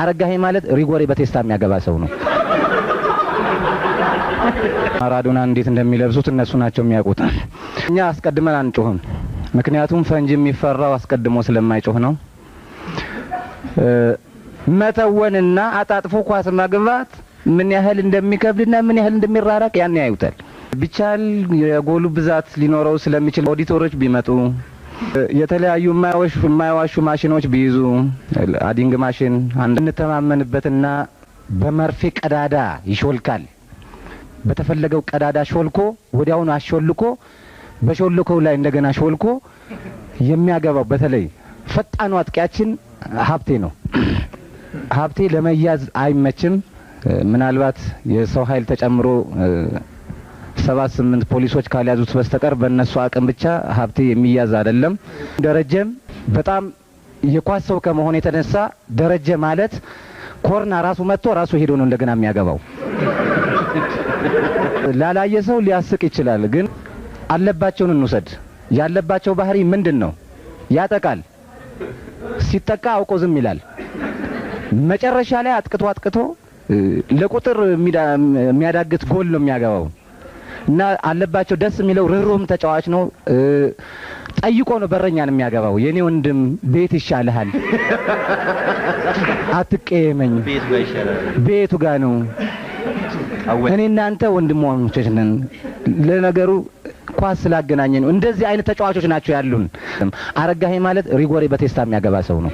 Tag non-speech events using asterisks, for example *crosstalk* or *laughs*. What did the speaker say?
አረጋሄ ማለት ሪጎሬ በቴስታ የሚያገባ ሰው ነው። ማራዶና እንዴት እንደሚለብሱት እነሱ ናቸው የሚያውቁት። እኛ አስቀድመን አንጮህም፣ ምክንያቱም ፈንጂ የሚፈራው አስቀድሞ ስለማይጮህ ነው። መተወንና አጣጥፎ ኳስ ማግባት ምን ያህል እንደሚከብድና ምን ያህል እንደሚራራቅ ያን ያዩታል። ቢቻል የጎሉ ብዛት ሊኖረው ስለሚችል ኦዲተሮች ቢመጡ የተለያዩ የማይዋሹ ማሽኖች ቢይዙ አዲንግ ማሽን እንተማመንበትና በመርፌ ቀዳዳ ይሾልካል። በተፈለገው ቀዳዳ ሾልኮ ወዲያውኑ አሾልኮ በሾልኮው ላይ እንደገና ሾልኮ የሚያገባው በተለይ ፈጣኑ አጥቂያችን ሀብቴ ነው። ሀብቴ ለመያዝ አይመችም። ምናልባት የሰው ኃይል ተጨምሮ ሰባ ስምንት ፖሊሶች ካልያዙት በስተቀር በእነሱ አቅም ብቻ ሀብቴ የሚያዝ አይደለም። ደረጀም በጣም የኳስ ሰው ከመሆን የተነሳ ደረጀ ማለት ኮርና ራሱ መጥቶ ራሱ ሄዶ ነው እንደገና የሚያገባው። ላላየ ሰው ሊያስቅ ይችላል፣ ግን አለባቸውን እንውሰድ። ያለባቸው ባህሪ ምንድን ነው? ያጠቃል። ሲጠቃ አውቆ ዝም ይላል። መጨረሻ ላይ አጥቅቶ አጥቅቶ ለቁጥር የሚያዳግት ጎል ነው የሚያገባው። እና አለባቸው ደስ የሚለው ርህሩህም ተጫዋች ነው። ጠይቆ ነው በረኛን የሚያገባው። የኔ ወንድም ቤት ይሻልሃል፣ *laughs* አትቀየመኝ፣ ቤቱ ጋ ነው። እኔ እናንተ ወንድማማቾች ነን። ለነገሩ ኳስ ስላገናኘ ነው። እንደዚህ አይነት ተጫዋቾች ናቸው ያሉን። አረጋሄ ማለት ሪጎሬ በቴስታ የሚያገባ ሰው ነው።